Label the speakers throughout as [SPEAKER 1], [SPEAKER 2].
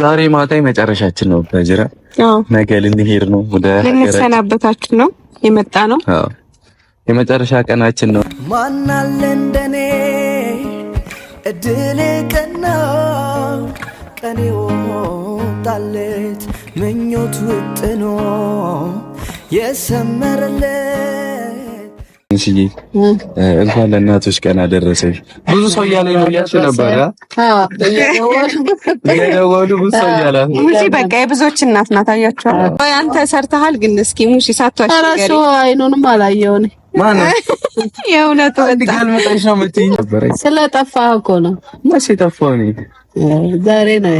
[SPEAKER 1] ዛሬ ማታ የመጨረሻችን ነው። በጅራ ነገ ልንሄድ ነው፣
[SPEAKER 2] ወደ ልንሰናበታችሁ ነው የመጣ ነው።
[SPEAKER 1] የመጨረሻ ቀናችን ነው።
[SPEAKER 3] ማናለ እንደኔ እድል ቀና ቀኔ ወጣለት ምኞት ውጥኖ የሰመረለት
[SPEAKER 1] ንስዬ እንኳን ለእናቶች ቀን አደረሰሽ። ብዙ ሰው እያለ ነው ነበረ። ብዙ ሰው እያለ
[SPEAKER 2] ሙሺ በቃ የብዙዎች እናት ናት። አንተ ሰርተሃል፣ ግን እስኪ ሙሺ ሳቷሽ
[SPEAKER 4] አይኑንም
[SPEAKER 1] ማነው
[SPEAKER 2] የእውነቱ
[SPEAKER 1] ነው እኮ ነው። መቼ ጠፋሁ እኔ?
[SPEAKER 4] ዛሬ ነው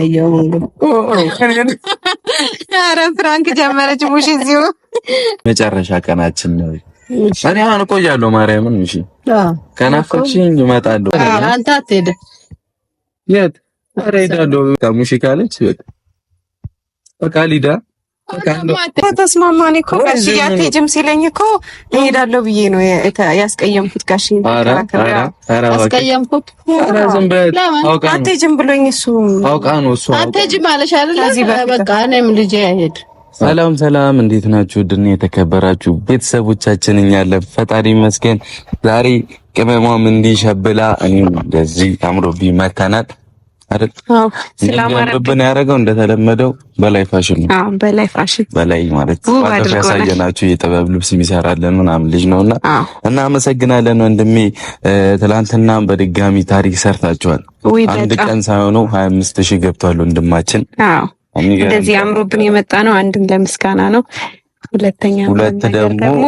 [SPEAKER 2] ኧረ ፍራንክ ጀመረች ሙሺ። እዚሁ
[SPEAKER 1] መጨረሻ ቀናችን ነው እኔ አሁን እቆያለሁ። ማርያምን እሺ፣ ከናፈቅሽኝ እመጣለሁ።
[SPEAKER 2] አንተ አትሄድም
[SPEAKER 1] የት? ኧረ እሄዳለሁ። ሙሽ ካለች በቃ ሊዳ
[SPEAKER 4] ተስማማን እኮ ጋሽ አትሄጂም ሲለኝ እኮ እሄዳለሁ ብዬ ነው ያስቀየምኩት። ጋሽ
[SPEAKER 2] አስቀየምኩት።
[SPEAKER 4] አትሄጂም ብሎኝ እሱ
[SPEAKER 1] አውቃ ነው እሱ
[SPEAKER 2] አትሄጂም አለሽ አይደል? በቃ እኔም ልጄ አይሄድ
[SPEAKER 1] ሰላም ሰላም፣ እንዴት ናችሁ? ድን የተከበራችሁ ቤተሰቦቻችን እኛ አለን ፈጣሪ ይመስገን። ዛሬ ቅመሟም እንዲሸብላ እኔም እንደዚህ አምሮብኝ መተናል አይደል? ስለማረብን ያደረገው እንደተለመደው በላይ ፋሽን
[SPEAKER 2] ነው። አዎ በላይ ፋሽን
[SPEAKER 1] በላይ ማለት ያሳየናችሁ የጥበብ ልብስ የሚሰራለን ምናምን ልጅ ነውና እና አመሰግናለን ወንድሜ። ትላንትና በድጋሚ ታሪክ ሰርታችኋል። አንድ ቀን ሳይሆኑ ሺህ ገብቷል ወንድማችን።
[SPEAKER 2] አዎ እንደዚህ አምሮብን የመጣ ነው። አንድን ለምስጋና ነው። ሁለተኛ
[SPEAKER 1] ሁለት ደግሞ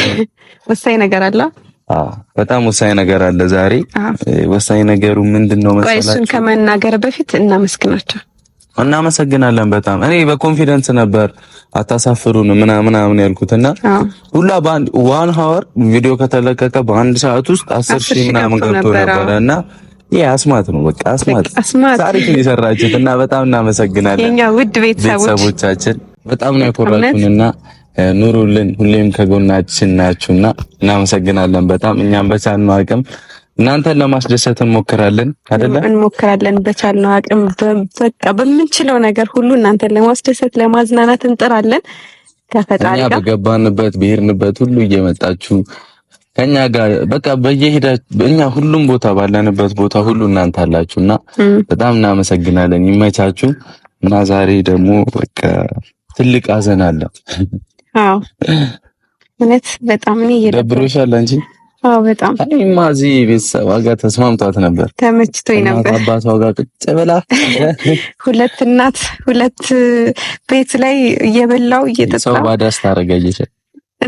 [SPEAKER 2] ወሳኝ ነገር አለ።
[SPEAKER 1] በጣም ወሳኝ ነገር አለ። ዛሬ ወሳኝ ነገሩ ምንድን ነው
[SPEAKER 2] መሰላችሁ? እሱን ከመናገር በፊት እናመስግናቸው።
[SPEAKER 1] እናመሰግናለን በጣም እኔ በኮንፊደንስ ነበር አታሳፍሩን ምናምን ምናምን ያልኩትና ሁላ በአንድ ዋን ሀወር ቪዲዮ ከተለቀቀ በአንድ ሰዓት ውስጥ አስር ሺህ ምናምን ገብቶ ነበረ እና ይሄ አስማት ነው። በቃ አስማት ታሪክ የሰራችሁት እና በጣም እናመሰግናለን። የኛ ውድ ቤተሰቦቻችን በጣም ነው ያኮራችሁንና ኑሩልን። ሁሌም ከጎናችን ናችሁና እናመሰግናለን። በጣም እኛም በቻልነው አቅም እናንተን ለማስደሰት እንሞክራለን፣ አይደለ?
[SPEAKER 2] እንሞክራለን በቻልነው አቅም በቃ በምንችለው ነገር ሁሉ እናንተን ለማስደሰት ለማዝናናት እንጥራለን። ከፈጣሪ
[SPEAKER 1] ጋር በገባንበት ብሄርንበት ሁሉ እየመጣችሁ ከኛ ጋር በቃ በየሄዳ እኛ ሁሉም ቦታ ባለንበት ቦታ ሁሉ እናንተ አላችሁ እና በጣም እናመሰግናለን። ይመቻችሁ እና ዛሬ ደግሞ በቃ ትልቅ ሀዘን አለ።
[SPEAKER 2] አዎ እውነት በጣም እኔ
[SPEAKER 1] ደብሮሻል አንቺ? አዎ በጣም እኔማ እዚህ ቤተሰብ ጋር ተስማምቷት ነበር፣ ተመችቶኝ ነበር። አባቷ ጋር ቁጭ ብላ
[SPEAKER 2] ሁለት እናት ሁለት ቤት ላይ እየበላው እየጠጣ
[SPEAKER 1] ሰው ባዳስ ታረጋ እየቻለ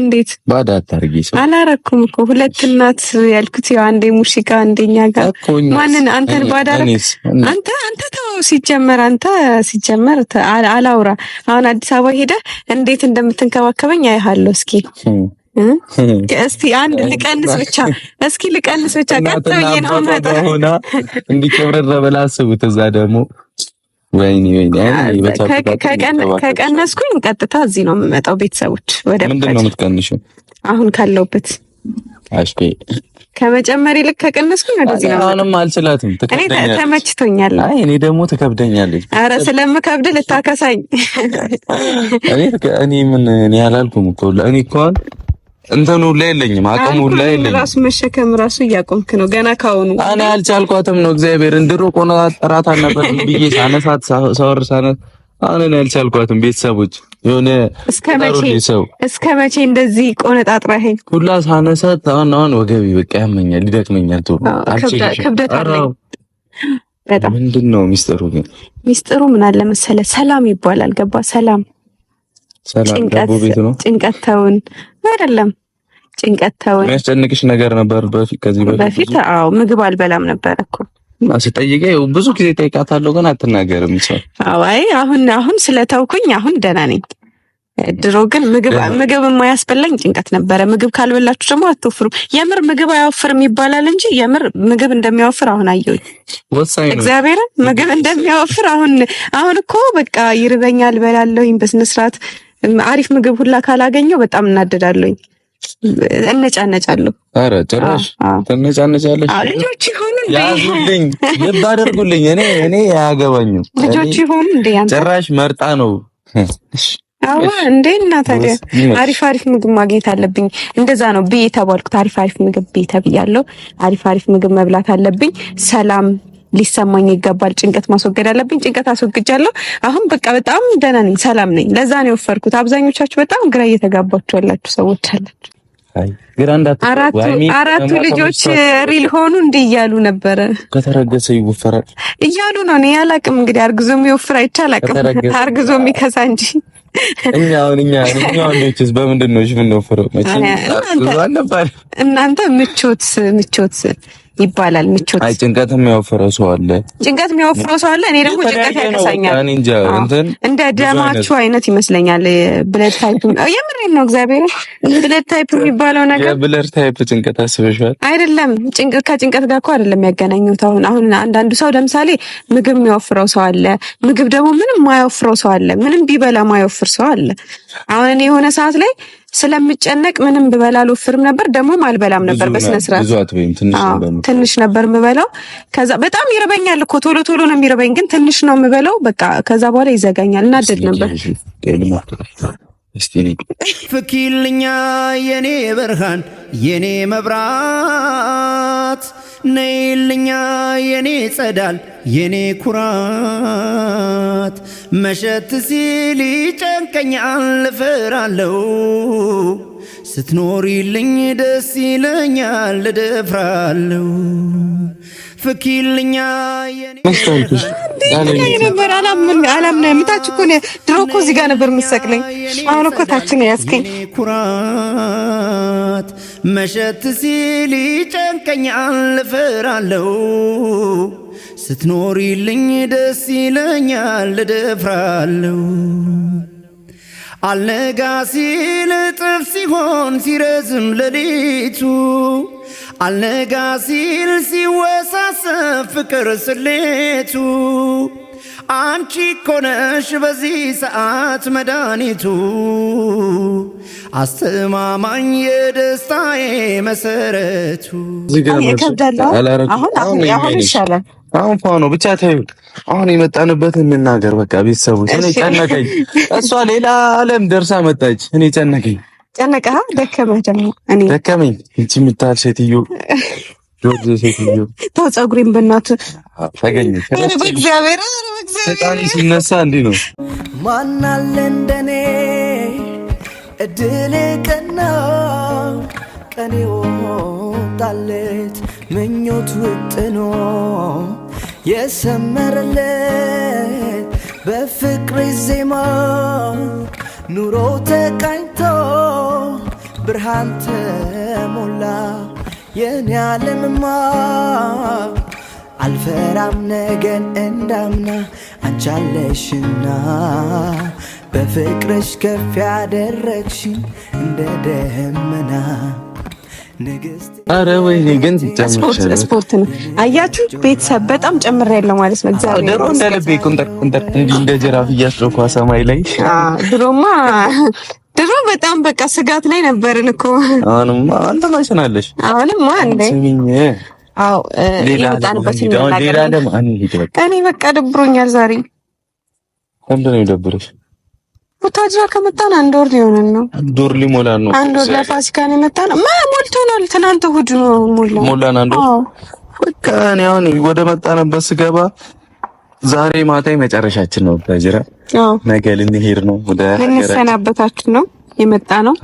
[SPEAKER 1] እንዴት ባዳ አታርጊ።
[SPEAKER 2] ሰው አላረኩም እኮ ሁለት እናት ያልኩት ያው አንዴ ሙሽጋ አንደኛ ጋር ማንን አንተን ባዳ አንተ አንተ ተው። ሲጀመር አንተ ሲጀመር አላውራ። አሁን አዲስ አበባ ሄደ እንዴት እንደምትንከባከበኝ አይሃለሁ። እስኪ እስቲ አንድ ልቀንስ ብቻ እስኪ ልቀንስ ብቻ ቀጥ ብዬ
[SPEAKER 1] ነው ማለት ነው። እንዲህ ከብረረ በላ አስቡት እዛ ደግሞ ወይኔ ወይኔ
[SPEAKER 2] ከቀነስኩኝ ቀጥታ እዚህ ነው የምመጣው። ቤተሰቦች
[SPEAKER 1] ወደ ምንድን ነው የምትቀንሺው?
[SPEAKER 2] አሁን ካለውበት አሽቴ ከመጨመር ይልቅ ከቀነስኩኝ ወደዚህ ነው።
[SPEAKER 1] አሁንም አልችላትም።
[SPEAKER 2] እኔ ተመችቶኛል።
[SPEAKER 1] አይ እኔ ደግሞ ትከብደኛለች።
[SPEAKER 2] አረ ስለምከብድ ልታከሳኝ።
[SPEAKER 1] እኔ እኔ ምን እኔ አላልኩም እኮ እኔ እኮ እንተኑ ላይ የለኝም አቅሙ ላይ የለኝም።
[SPEAKER 2] ራስ መሸከም ራሱ እያቆምክ ነው ገና ካሁኑ።
[SPEAKER 1] እኔ አልቻልኳትም ነው እግዚአብሔር እንድሮ ቆና ጠራት አልነበር ብዬ ሳነሳት ሳወር ሳነሳት እኔ አልቻልኳትም። ቤተሰቦች የሆነ
[SPEAKER 2] እስከ መቼ እንደዚህ ቆነጣጥራኸኝ
[SPEAKER 1] ሁላ ሳነሳት አሁን አሁን ወገቢ በቃ ያመኛል፣ ይደክመኛል። ቶሎ ክብደት ምንድን ነው ሚስጥሩ? ግን
[SPEAKER 2] ሚስጥሩ ምን አለ መሰለ ሰላም ይባላል። ገባ ሰላም ጭንቀት ተውን አይደለም ጭንቀት ተውን።
[SPEAKER 1] የሚያስጨንቅሽ ነገር ነበር በፊት
[SPEAKER 2] ከዚህ በፊት? አዎ ምግብ አልበላም ነበር እኮ
[SPEAKER 1] ብዙ ጊዜ ጠይቃታለሁ፣ ግን አትናገርም።
[SPEAKER 2] አይ አሁን አሁን ስለተውኩኝ አሁን ደህና ነኝ። ድሮ ግን ምግብ ምግብ የማያስበላኝ ጭንቀት ነበረ። ምግብ ካልበላችሁ ደግሞ አትወፍሩም። የምር ምግብ አያወፍርም ይባላል እንጂ የምር ምግብ እንደሚያወፍር አሁን አየሁኝ። እግዚአብሔር ምግብ እንደሚያወፍር አሁን አሁን እኮ በቃ ይርበኛል፣ በላለሁኝ በስነ አሪፍ ምግብ ሁላ ካላገኘው በጣም እናደዳለኝ፣ እነጫነጫለሁ።
[SPEAKER 1] አረ ጭራሽ ትነጫነጫለሽ።
[SPEAKER 2] ልጆች ይሆኑ
[SPEAKER 1] ያዙልኝ፣ ልብ እኔ እኔ አያገባኝም።
[SPEAKER 2] ልጆች ይሆኑ እንዴ?
[SPEAKER 1] ጭራሽ መርጣ ነው
[SPEAKER 2] እንዴ! እና ታዲያ አሪፍ አሪፍ ምግብ ማግኘት አለብኝ። እንደዛ ነው ብዬ ተባልኩት። አሪፍ አሪፍ ምግብ ብዬ ተብያለሁ። አሪፍ አሪፍ ምግብ መብላት አለብኝ። ሰላም ሊሰማኝ ይገባል። ጭንቀት ማስወገድ አለብኝ። ጭንቀት አስወግጃለሁ። አሁን በቃ በጣም ደህና ነኝ፣ ሰላም ነኝ። ለዛ ነው የወፈርኩት። አብዛኞቻችሁ በጣም ግራ እየተጋባችሁ ያላችሁ ሰዎች አላችሁ። አራቱ ልጆች ሪል ሆኑ እንዲህ እያሉ ነበረ።
[SPEAKER 1] ከተረገሰ ይወፈራል
[SPEAKER 2] እያሉ ነው። እኔ አላቅም እንግዲህ አርግዞም ይወፍር አይቼ
[SPEAKER 1] አላቅም።
[SPEAKER 2] አርግዞም ይከሳ እንጂ
[SPEAKER 1] እኛ አሁን እኛ እኛ ወንዶችስ በምንድን ነው የምንወፍረው?
[SPEAKER 2] እናንተ ምቾት ምቾት ይባላል። ምቾት
[SPEAKER 1] አይ ጭንቀት የሚያወፍረው ሰው አለ፣
[SPEAKER 2] ጭንቀት የሚያወፍረው ሰው አለ። እኔ ደግሞ ጭንቀት እንትን እንደ ደማቹ አይነት ይመስለኛል። ብለድ ታይፕ የምሬን ነው እግዚአብሔር። ብለድ ታይፕ የሚባለው
[SPEAKER 1] ነገር የብለድ ታይፕ ጭንቀት አስበሽዋል?
[SPEAKER 2] አይደለም ጭንቀት ከጭንቀት ጋር እኮ አይደለም ያገናኙት። አሁን አሁን አንዳንዱ ሰው ለምሳሌ ምግብ የሚያወፍረው ሰው አለ፣ ምግብ ደግሞ ምንም ማያወፍረው ሰው አለ፣ ምንም ቢበላ ማያወፍር ሰው አለ። አሁን እኔ የሆነ ሰዓት ላይ ስለምጨነቅ ምንም ብበላ አልወፍርም ነበር፣ ደግሞም አልበላም ነበር። በስነስርዓት ትንሽ ነበር የምበላው። ከዛ በጣም ይርበኛል እኮ ቶሎ ቶሎ ነው የሚርበኝ፣ ግን ትንሽ ነው የምበላው። በቃ ከዛ በኋላ ይዘጋኛል። እናደድ ነበር
[SPEAKER 3] ፍኪልኛ የኔ ብርሃን የኔ መብራት ነይልኛ የኔ ጸዳል የኔ ኩራት መሸት ሲል ይጨንቀኛል ልፍራለው ስትኖሪልኝ ደስ ይለኛል ልደፍራለው ፍኪልኛ ኩራት መሸት ሲል ይጨንቀኛል፣ እፈራለሁ። ስትኖሪልኝ ደስ ይለኛል፣ እደፍራለሁ። አልነጋ ሲል እጥፍ ሲሆን ሲረዝም ለሊቱ አልነጋ ሲል ሲወሳሰብ ፍቅር ስሌቱ አንቺ ኮነሽ በዚህ ሰዓት መድኃኒቱ አስተማማኝ የደስታዬ መሰረቱ።
[SPEAKER 1] አሁን ፋኖ ብቻ ታዩ። አሁን የመጣንበትን እንናገር። በቃ ቤተሰቦች እኔ ጨነቀኝ። እሷ ሌላ ዓለም ደርሳ መጣች። እኔ ጨነቀኝ።
[SPEAKER 2] ጨነቀ ደከመህ ደግሞ
[SPEAKER 1] እኔ ደከመኝ። እንቺ የምታህል ሴትዮ ጆርጅ ሴትዮ
[SPEAKER 2] ተው፣ ፀጉሬን በእናትህ ተገኘ። በእግዚአብሔር
[SPEAKER 1] ፈጣሪ ሲነሳ እንዲህ ነው።
[SPEAKER 3] ማናለ እንደኔ እድል ቀና ቀኔ ወጣለት ምኞት ውጥኖ የሰመረለት በፍቅር ዜማ ኑሮ ተቃኝ ብርሃን ተሞላ የኔ ዓለምማ አልፈራም ነገን እንዳምና አንቻለሽና በፍቅርሽ ከፍ ያደረግሽኝ እንደ ደመና
[SPEAKER 1] አረ ወይኔ ግን
[SPEAKER 2] ስፖርት ነው። አያችሁ ቤተሰብ በጣም ጨምር ያለው ማለት ነው። እግዚአብሔር
[SPEAKER 1] ድሮ እንደ ልቤ ቁንጠር ቁንጠር እንደ ጅራፍ እያስሮኳ ሰማይ ላይ
[SPEAKER 2] ድሮማ በጣም በቃ ስጋት ላይ ነበርን እኮ።
[SPEAKER 1] አሁንማ አንተናሽናለሽ።
[SPEAKER 2] አሁንማ እንዴ አው እኔ በቃ ደብሮኛል ዛሬ።
[SPEAKER 1] እንዴ ነው ደብረሽ?
[SPEAKER 2] ቡታጅራ ከመጣን አንድ ወር ሊሆነን ነው።
[SPEAKER 1] አንድ ወር ሊሞላን ነው።
[SPEAKER 2] አንድ ወር ለፋሲካ ነው የመጣነው። ማ ሞልቶናል። ትናንት እሑድ ነው ሞላ
[SPEAKER 1] ሞላን አንድ ወር። በቃ እኔ አሁን ወደ መጣንበት ስገባ ዛሬ ማታ መጨረሻችን ነው። ቡታጅራ ነገ ልንሄድ ነው።
[SPEAKER 2] ወደ ልንሰናበታችሁ ነው የመጣ ነው።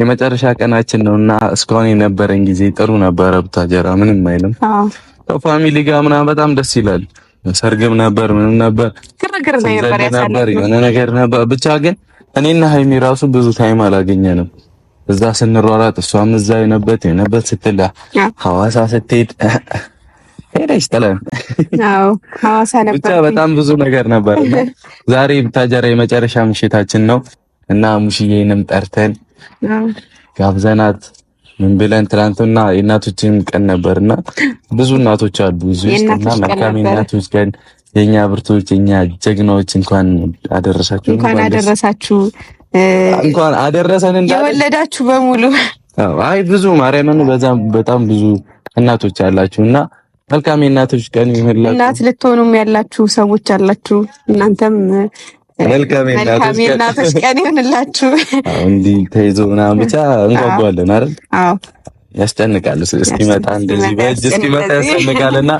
[SPEAKER 1] የመጨረሻ ቀናችን ነው እና እስካሁን የነበረን ጊዜ ጥሩ ነበረ። ብታጀራ ምንም አይልም። ከፋሚሊ ጋር ምናምን በጣም ደስ ይላል። ሰርግም ነበር፣ ምንም ነበር፣ ግርግር ነበር፣ የሆነ ነገር ነበር። ብቻ ግን እኔና ሀይሚ ራሱ ብዙ ታይም አላገኘንም። እዛ ስንሯሯጥ እሷም እዛ የነበት የነበት ስትል ሐዋሳ ስትሄድ ሄደሽ ጥለን
[SPEAKER 2] አዎ፣ ሐዋሳ ነበር።
[SPEAKER 1] ብቻ በጣም ብዙ ነገር ነበር። ዛሬ ብታጀራ የመጨረሻ ምሽታችን ነው። እና ሙሽዬንም ጠርተን ጋብዘናት ምን ብለን ትላንትና የእናቶችንም ቀን ነበርና ብዙ እናቶች አሉ ብዙ እና መልካም የእናቶች ቀን የኛ ብርቶች የኛ ጀግናዎች እንኳን አደረሳችሁ
[SPEAKER 2] እንኳን አደረሳችሁ
[SPEAKER 1] እንኳን አደረሰን
[SPEAKER 2] እንዳለ የወለዳችሁ በሙሉ
[SPEAKER 1] አይ ብዙ ማርያምን በዛ በጣም ብዙ እናቶች አላችሁና መልካም የእናቶች ቀን
[SPEAKER 2] ይሁንላችሁ። እናት ልትሆኑም ያላችሁ ሰዎች አላችሁ እናንተም መልካም እናቶች ቀን ይሁንላችሁ።
[SPEAKER 1] እንዲህ ተይዞ ምናምን ብቻ እንጓጓለን አይደል? ያስጨንቃል እስኪመጣ እንደዚህ በእጅ እስኪመጣ ያስጨንቃልና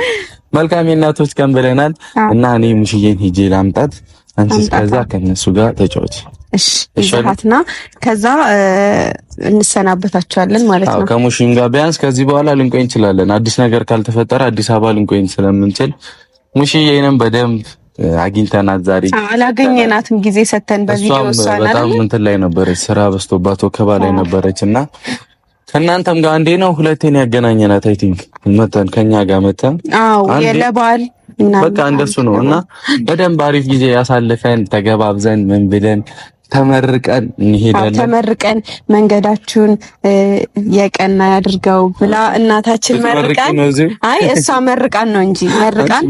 [SPEAKER 1] መልካም እናቶች ቀን ብለናል እና እኔ ሙሽዬን ሂጄ ላምጣት፣ አንቺ ከዛ ከነሱ ጋር ተጫወች።
[SPEAKER 2] እሺ ከዛ እንሰናበታቸዋለን ማለት
[SPEAKER 1] ነው። ከሙሽም ጋር ቢያንስ ከዚህ በኋላ ልንቆይ እንችላለን። አዲስ ነገር ካልተፈጠረ አዲስ አበባ ልንቆይ ስለምንችል ሙሽዬንም በደንብ አግኝተናት ዛሬ
[SPEAKER 2] አላገኘናትም ጊዜ ሰተን በቪዲዮ
[SPEAKER 1] ወሳና በጣም እንትን ላይ ነበረች፣ ስራ በዝቶባት ወከባ ላይ ነበረች እና ከእናንተም ጋር አንዴ ነው ሁለቴን ያገናኘናት። አይ ቲንክ መተን ከኛ ጋር መተን
[SPEAKER 2] አዎ የለባል
[SPEAKER 1] በቃ እንደሱ ነው እና በደንብ አሪፍ ጊዜ ያሳልፈን ተገባብዘን ምን ብለን ተመርቀን
[SPEAKER 2] እንሄዳለን። ተመርቀን መንገዳችሁን የቀና ያድርገው ብላ እናታችን መርቀን፣ አይ እሷ መርቃን ነው እንጂ መርቃን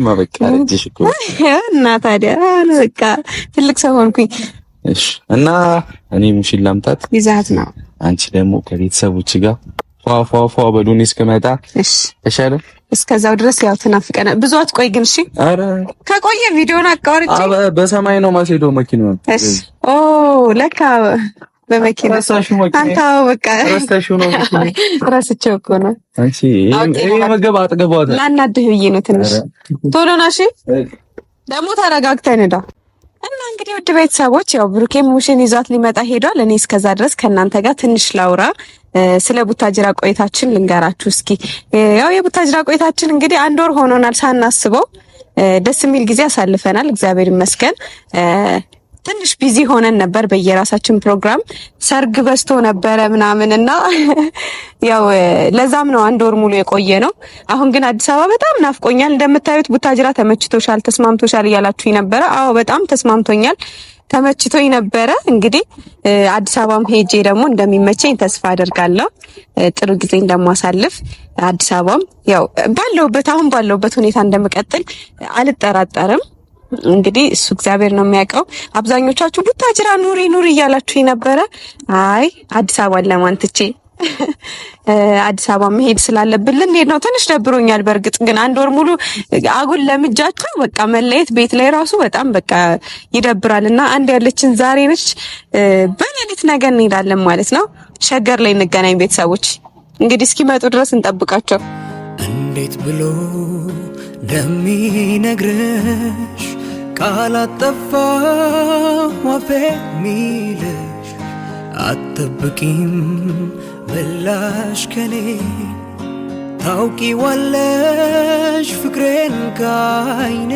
[SPEAKER 2] እና ታዲያ በቃ ትልቅ ሰው ሆንኩኝ።
[SPEAKER 1] እሺ እና እኔም ሙሽላምጣት ይዛት ነው። አንቺ ደግሞ ከቤተሰቦች ጋር ፏፏፏ በሉን እስከመጣ እሺ፣ እሻለ
[SPEAKER 2] እስከዛው ድረስ ያው ተናፍቀና ብዙ አትቆይ ግን፣ እሺ። አረ ከቆየ ቪዲዮን አቋርጬ
[SPEAKER 1] በሰማይ ነው ማስሄዶ መኪናው።
[SPEAKER 2] እሺ። ኦ ለካ በመኪና በቃ ነው። ነው። ነው። ቤተሰቦች ያው ብሩኬ ሙሽን ይዟት ሊመጣ ሄዷል። እኔ እስከዛ ድረስ ከእናንተ ጋር ትንሽ ላውራ ስለ ቡታጅራ ቆይታችን ልንገራችሁ እስኪ። ያው የቡታጅራ ቆይታችን እንግዲህ አንድ ወር ሆኖናል ሳናስበው። ደስ የሚል ጊዜ አሳልፈናል፣ እግዚአብሔር ይመስገን። ትንሽ ቢዚ ሆነን ነበር በየራሳችን ፕሮግራም፣ ሰርግ በዝቶ ነበረ ምናምን እና ያው ለዛም ነው አንድ ወር ሙሉ የቆየ ነው። አሁን ግን አዲስ አበባ በጣም ናፍቆኛል። እንደምታዩት ቡታጅራ ተመችቶሻል፣ ተስማምቶሻል እያላችሁ ነበረ። አዎ በጣም ተስማምቶኛል። ተመችቶኝ ነበረ። እንግዲህ አዲስ አበባም ሄጄ ደግሞ እንደሚመቸኝ ተስፋ አደርጋለሁ። ጥሩ ጊዜ እንደማሳልፍ አዲስ አበባም ያው ባለውበት አሁን ባለውበት ሁኔታ እንደምቀጥል አልጠራጠርም። እንግዲህ እሱ እግዚአብሔር ነው የሚያውቀው። አብዛኞቻችሁ ቡታጅራ ኑሪ ኑሪ እያላችሁ ነበረ። አይ አዲስ አበባን ለማን ትቼ አዲስ አበባ መሄድ ስላለብን ልንሄድ ነው። ትንሽ ደብሮኛል። በእርግጥ ግን አንድ ወር ሙሉ አጉል ለምጃቸው በቃ መለየት ቤት ላይ ራሱ በጣም በቃ ይደብራል። እና አንድ ያለችን ዛሬ ነች። በሌሊት ነገ እንሄዳለን ማለት ነው። ሸገር ላይ እንገናኝ ቤተሰቦች። እንግዲህ እስኪመጡ ድረስ እንጠብቃቸው።
[SPEAKER 3] እንዴት ብሎ ነግረሽ ቃል አጠፋ ዋፌ ሚልሽ አትጠብቂም በላሽ ከኔ ታውቂዋለሽ ፍቅሬን ከአይኔ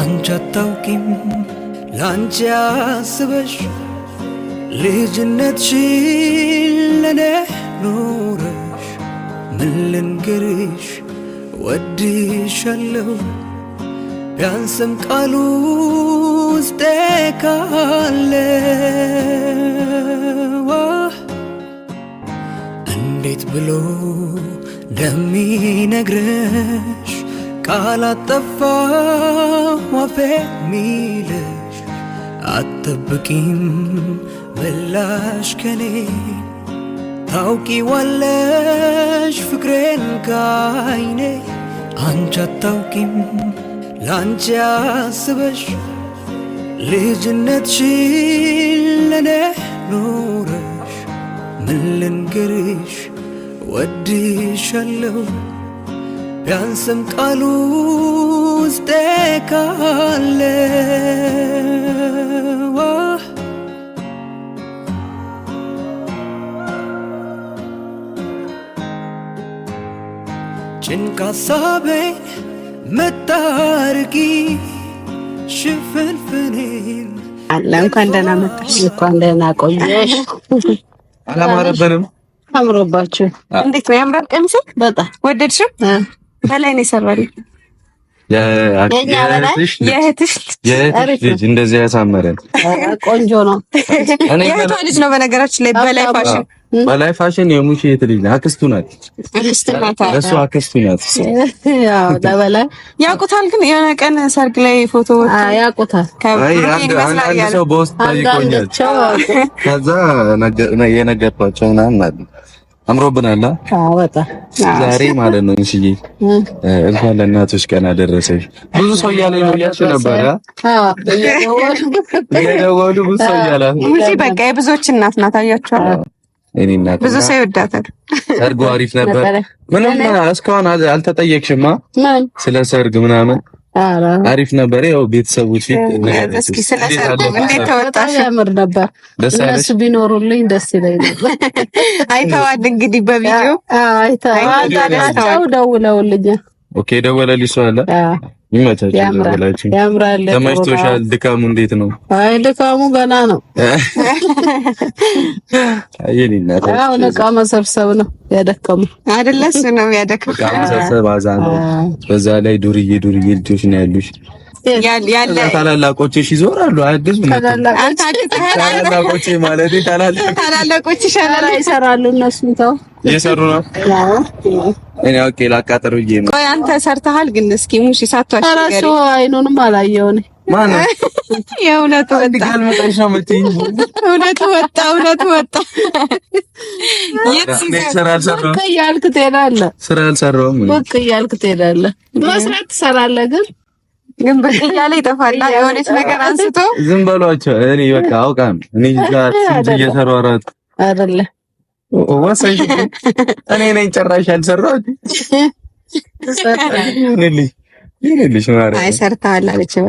[SPEAKER 3] አንቺ አታውቂም ለአንቺ አስበሽ ልጅነትሽን ለኔ ኖረሽ ምን ልንገርሽ ወድሻለሁ ቢያንስም ቃሉ ውስጤ ካለ እንዴት ብሎ እንደሚነግርሽ ቃል አጠፋው አፌ ሚልሽ አትጠብቂም ምላሽ ከኔ ታውቂዋለሽ ፍቅሬን ከዓይኔ አንቺ አታውቂም ላንቺ አስበሽ ልጅነትሽን ለኔ ኖረ ምን ልንገርሽ ወድሻለው ቢያንስም ቃሉ ውስጤ ካለ ጭንቅ ሐሳቤን መታርጊ ሽፍንፍኔ
[SPEAKER 2] አለ እንኳን ደህና መጣሽ። እንኳን ደህና
[SPEAKER 1] ቆየሽ። አላማረበንም።
[SPEAKER 2] አምሮባችሁ እንዴት ነው ያምራል። ቀሚስ በጣም ወደድሽም። በላይ ነው የሰራልኝ የእህትሽ
[SPEAKER 1] ልጅ እንደዚህ ያሳመረ
[SPEAKER 2] ቆንጆ ነው። የእህቷ ልጅ ነው በነገራችን ላይ በላይ ፋሽን
[SPEAKER 1] በላይ ፋሽን የሙሽ የት ልጅ አክስቱ ናት። እሱ አክስቱ ናት።
[SPEAKER 2] ያው ያውቁታል። ግን የሆነ ቀን ሰርግ ላይ ፎቶ
[SPEAKER 4] ያውቁታል።
[SPEAKER 1] ሰው በውስጥ ጠይቆኛል። ከዛ የነገርኳቸው ምናምን አምሮብናል። ዛሬ ማለት ነው እንሽዬ እንኳን ለእናቶች ቀን አደረሰሽ። ብዙ ሰው እያለ ነው እያልሽ ነበረ። የደወሉ ብዙ ሰው እያለ
[SPEAKER 2] ሙዚ በቃ የብዙዎች እናት ናት። አያችኋል እኔና ብዙ ሰው ይወዳታል።
[SPEAKER 1] ሰርጉ አሪፍ ነበር። ምንም እስካሁን አልተጠየቅሽማ ስለ ሰርግ ምናምን። አሪፍ ነበር። ያው ቤተሰቦች
[SPEAKER 2] ፊት እስኪ ስለ ሰርግ እንዴት ተወጣሽ?
[SPEAKER 4] ያምር ነበር። እነሱ ቢኖሩልኝ ደስ ይለኝ ነበር።
[SPEAKER 2] አይተዋል እንግዲህ በቪዲዮ
[SPEAKER 4] አይተዋል። ደውለውልኝ
[SPEAKER 1] ኦኬ ደወለልኝ ሰው አለ ይመቻችል ያምራል። ተመችቶሻል? ድካሙ እንዴት ነው?
[SPEAKER 4] አይ ድካሙ ገና ነው። አይኔ አሁን ዕቃ መሰብሰብ ነው ያደከሙ
[SPEAKER 2] አይደለ? እሱ ነው ያደከሙ።
[SPEAKER 1] ዕቃ መሰብሰብ አዛ ነው። በዛ ላይ ዱርዬ ዱርዬ ልጆች ነው ያሉሽ። ታላላቆችሽ ይዞራሉ። አዲስ ታላላቆች ማለት
[SPEAKER 2] ታላላቆችሽ
[SPEAKER 4] ይሰራሉ። እነሱ
[SPEAKER 1] እየሰሩ ነው እኔ ኦኬ ላቃጠር ብዬ
[SPEAKER 2] ነው። ቆይ አንተ ሰርተሃል ግን እስኪ ሙሽ ሳቷሽ
[SPEAKER 4] ነገር አራሱ አይኑንም አላየው ነው
[SPEAKER 1] ማነው? የእውነቱ ወጣ እውነቱ
[SPEAKER 2] ወጣ እውነት ወጣ።
[SPEAKER 1] ብቅ
[SPEAKER 2] እያልክ ትሄዳለህ።
[SPEAKER 1] ስራ አልሰራሁም።
[SPEAKER 2] ብቅ እያልክ ትሄዳለህ። መስራት ትሰራለህ ግን ግን ብቅ እያለ ይጠፋል። የሆነች ነገር አንስቶ
[SPEAKER 1] ዝም በሏቸው። እኔ በቃ አውቃም እኔ ጋር ስንት እየሰራሁ አራት አይደለ ወሰንሽ እኔ ነኝ ጭራሽ ያልሰራሁት። ይሄንልሽ
[SPEAKER 2] አለች።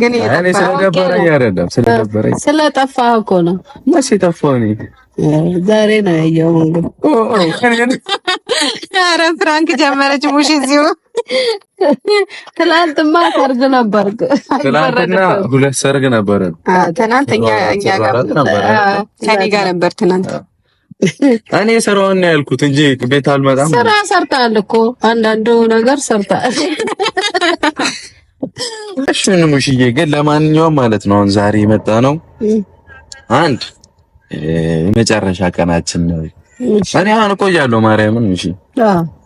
[SPEAKER 1] ግን ስለደበረኝ አይደለም፣ ስለደበረኝ
[SPEAKER 4] ስለጠፋህ እኮ ነው።
[SPEAKER 1] መቼ ጠፋሁ እኔ
[SPEAKER 4] ዛሬ ነው ያየው።
[SPEAKER 2] ኧረ ፍራንክ ጀመረች። ሙሽ እዚሁ
[SPEAKER 4] ሰርግ ነበር።
[SPEAKER 1] ትናንትና ሁለት ሰርግ ነበር።
[SPEAKER 2] ትናንት እኛ ከኔ ጋር ነበር። ትናንት
[SPEAKER 1] እኔ ስራውን ነው ያልኩት እንጂ ቤት አልመጣም።
[SPEAKER 4] ስራ ሰርታል እኮ አንዳንዱ ነገር ሰርታል።
[SPEAKER 1] እሺ፣ ሙሽዬ ግን ለማንኛውም ማለት ነው አሁን ዛሬ የመጣ ነው አንድ የመጨረሻ ቀናችን ነው። እኔ አሁን እቆያለሁ። ማርያምን እሺ፣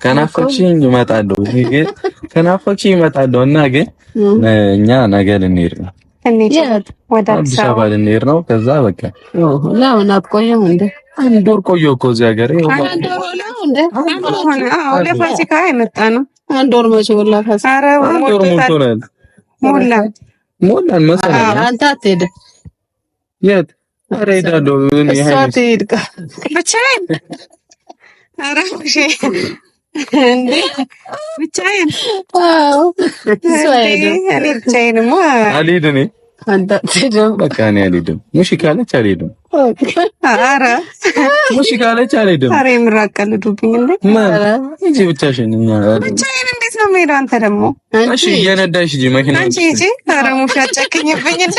[SPEAKER 1] ከናፈቅሽኝ እመጣለሁ። ግን ከናፈቅሽኝ እመጣለሁ እና ግን እኛ ነገ ልንሄድ ነው አዲስ አበባ ልንሄድ ነው። ከዛ በቃ
[SPEAKER 4] ለምን አትቆይም እንዴ?
[SPEAKER 1] አንድ ወር ቆየሁ እኮ እዚህ ሀገር።
[SPEAKER 2] ነው ለፋሲካ የመጣ ነው።
[SPEAKER 4] አንድ ወር መቼ ሞላ?
[SPEAKER 2] ፋሲካ
[SPEAKER 1] ኧረ ሞላን ሞላን
[SPEAKER 2] መሰለኝ። አንተ አትሄድም
[SPEAKER 1] የት አልሄድም።
[SPEAKER 2] ሙሽ ካለች አልሄድም። ብቻዬን እንዴት ነው የምሄደው?
[SPEAKER 1] አንተ ደግሞ እሺ፣ እየነዳሽ ሂጂ መኪና።
[SPEAKER 2] አንቺ ሂጂ። ኧረ ሙሽ አጨክኝብኝ እንዴ!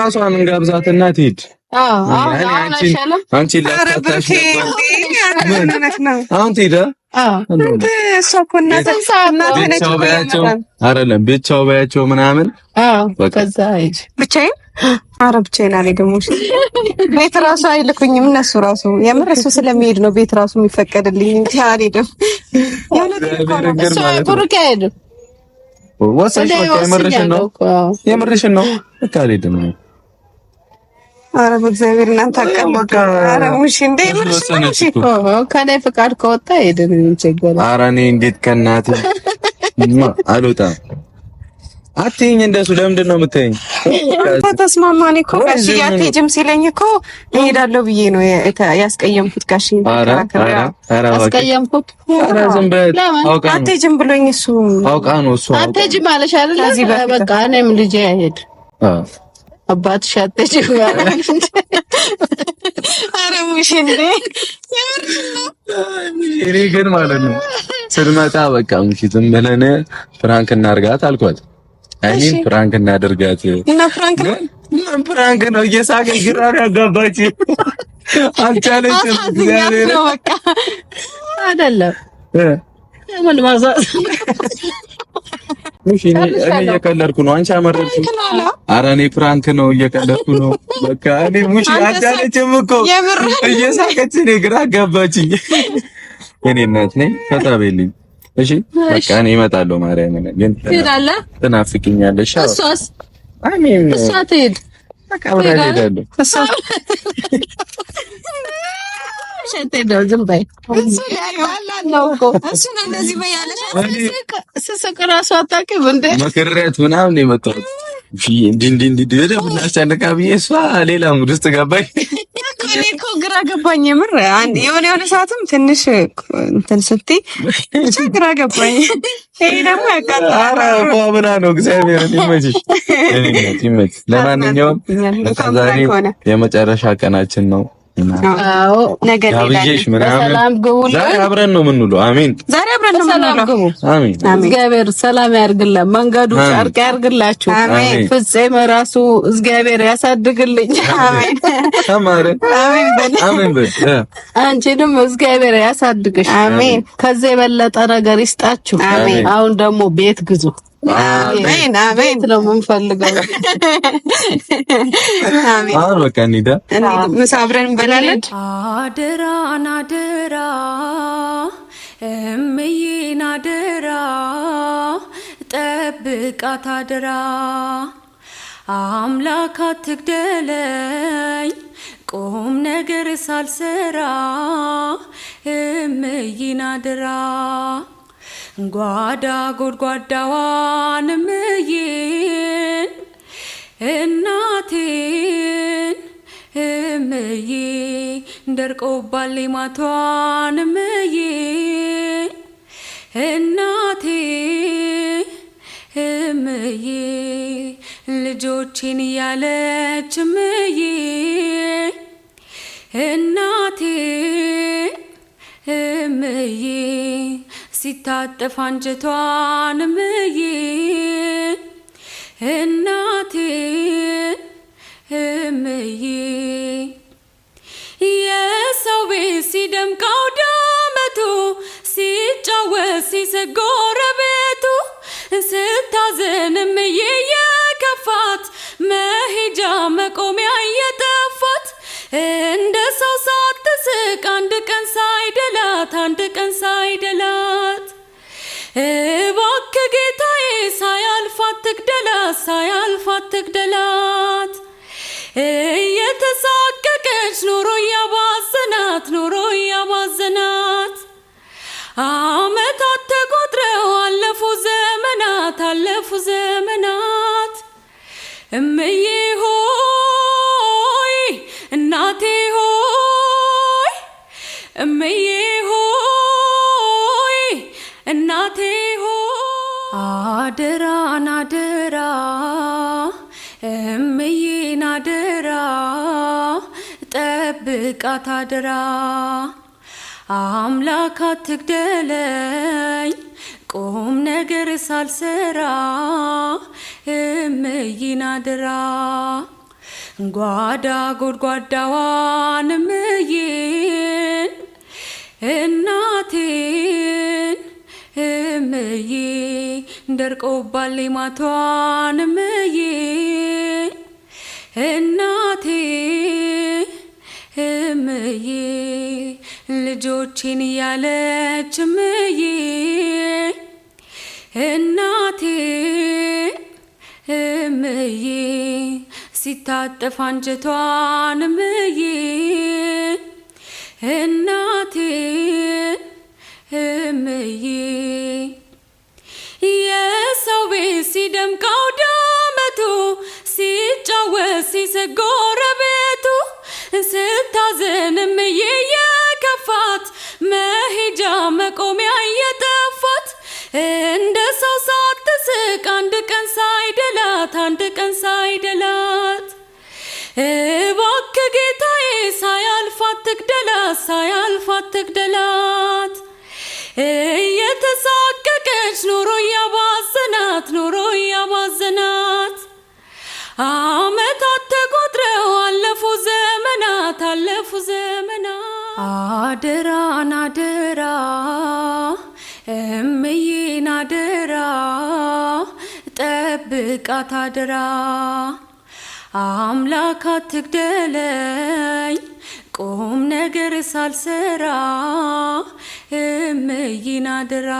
[SPEAKER 1] ራሷን እንጋብዛት እና ትሂድ። አንቺ አሁን ብቻው በያቸው ምናምን
[SPEAKER 2] ብቻዬን ብቻዬን አልሄድም። ቤት ራሱ አይልኩኝም እነሱ ራሱ የምር እሱ ስለሚሄድ ነው ቤት ራሱ የሚፈቀድልኝ እንጂ አልሄድም። ወሰንሽ በቃ የምርሽን ነው
[SPEAKER 1] የምርሽን ነው በቃ አልሄድም ነው
[SPEAKER 2] አረ በእግዚአብሔር እናንተ አቀመጡ ሙሽ እንደ ምርሽ ነው
[SPEAKER 4] ከላይ ፈቃድ ከወጣ ሄደን
[SPEAKER 1] እንቸገራለን ኧረ እኔ እንዴት ከእናትህ አልወጣም አትይኝ እንደሱ ለምንድን ነው የምትይኝ?
[SPEAKER 2] አንተ እኮ ጋሽዬ አትሄጂም ሲለኝ እኮ እሄዳለሁ ብዬ ነው ያስቀየምኩት። ጋሽ ያስቀየምኩት
[SPEAKER 4] አትሄጂም ብሎኝ እሱ
[SPEAKER 1] አውቃ ነው እሱ
[SPEAKER 2] አትሄጂም አለሽ አይደል? በቃ እኔም ልጄ አይሄድ አባትሽ አትሄጂም ያለሽ ኧረ ሙሽ እንደ
[SPEAKER 1] እኔ ግን ማለት ነው ስንመጣ በቃ ሙሽ ብለን ፍራንክ እናድርጋት አልኳት። አይኔን ፍራንክ እናደርጋት እና ፍራንክ ነው ፍራንክ ነው እየሳቀ ግራ ያጋባች አልቻለችም። እግዚአብሔር ነው በቃ አይደለም ምን ማዛዝ እኔ እየቀለድኩ ነው። አንቺ አመረርሽ። ኧረ እኔ ፕራንክ ነው እየቀለድኩ ነው። በቃ እኔ ሙሽ አልቻለችም እኮ እየሳቀች እኔ ግራ አጋባችኝ። እኔ እናት ነኝ ፈታ በይልኝ እሺ በቃ እኔ እመጣለሁ። ማርያም ነኝ ግን ትሄዳለህ? ትናፍቂኛለሽ። እሷስ አሜን። እሷ ትሄድ በቃ ወደ ሄዳለሁ። እሷ ሌላ ሙድ ውስጥ ገባኝ። እኔ እኮ ግራ ገባኝ። የምር አንድ የሆነ የሆነ ሰዓትም ትንሽ እንትን ስትይ ብቻ ግራ ገባኝ። ይሄ ደግሞ ያቃጣራ ምና ነው። እግዚአብሔር ይመችሽ፣ ይመችሽ። ለማንኛውም ዛሬ የመጨረሻ ቀናችን ነው። ሰላም አብረን ነው የምንውለው። አሜን። ዛሬ አብረን ነው የምንውለው። እግዚአብሔር ሰላም ያርግልን፣ መንገዱ ጨርቅ ያርግላችሁ። አሜን። ራሱ እግዚአብሔር ያሳድግልኝ። አሜን። ተማረ። አሜን አንቺንም እግዚአብሔር ያሳድግሽ። አሜን። ከዚህ የበለጠ ነገር ይስጣችሁ። አሜን። አሁን ደግሞ ቤት ግዙ። አሜን አሜን ነው የምንፈልገው። አሜን። በቃ እንሂዳ ምሳ አብረን እንበላለን። አደራ ናደራ እምዬ ናደራ ጠብቃት አደራ አምላክ አትግደለኝ ቁም ነገር ሳልሰራ እምዬ ናደራ ጓዳ ጎድጓዳዋን እምዬን እናቴን እምዬ ደርቆባል ሌማቷን እምዬ እናቴ እምዬ ልጆቼን እያለች እምዬ እናቴ እምዬ ሲታጠፍ አንጀቷን ምዬ እናቴ እምዬ የሰው ቤት ሲደምቀው ዳመቱ ሲጫወት ሲስቅ ጎረቤቱ ስታዘን እምዬ የከፋት መሄጃ መቆሚያ የጠ እንደ ሰው ሳትስቅ አንድ ቀን ሳይደላት አንድ ቀን ሳይደላት እባክህ ጌታዬ ሳያልፋት ትግደላት ሳያልፋት ትግደላት እየተሳቀቀች ኑሮ እያባዘናት ኑሮ እያባዘናት አመታት ተቆጥረው አለፉ ዘመናት አለፉ ዘመናት እምዬ እምዬ ሆይ እናቴ ሆይ አደራ ናደራ እምዬ ናደራ ጠብቃት አደራ አምላክ አትግደለኝ ቁም ነገር ሳልሰራ እምዬ ናደራ ጓዳ ጎድጓዳዋን እምዬን እናቴን እምዬ ደርቆባል ማቷን እምዬ እናቴ እምዬ ልጆቼን እያለች እምዬ እናቴ እምዬ ሲታጠፍ አንጀቷን እምዬ እናቴን እምዬ የሰው ቤት ሲደምቀው ዳመቱ ሲጫወት ሲስቅ ጎረቤቱ ስታዘን እምዬ የከፋት መሄጃ መቆሚያ እየጠፋት! እንደ ሰው ሳትስቅ አንድ ቀን ሳይደላት አንድ ቀን ሳይደላት አትግደላት፣ ሳያልፍ አትግደላት። እየተሳቀቀች ኑሮ እያባዘናት፣ ኑሮ እያባዘናት። አመታት ተቆጥረው አለፉ ዘመናት፣ አለፉ ዘመናት። አደራን አደራ እምዬን አደራ ጠብቃት አደራ አምላክ አትግደለኝ ቁም ነገር ሳልሰራ እምይናድራ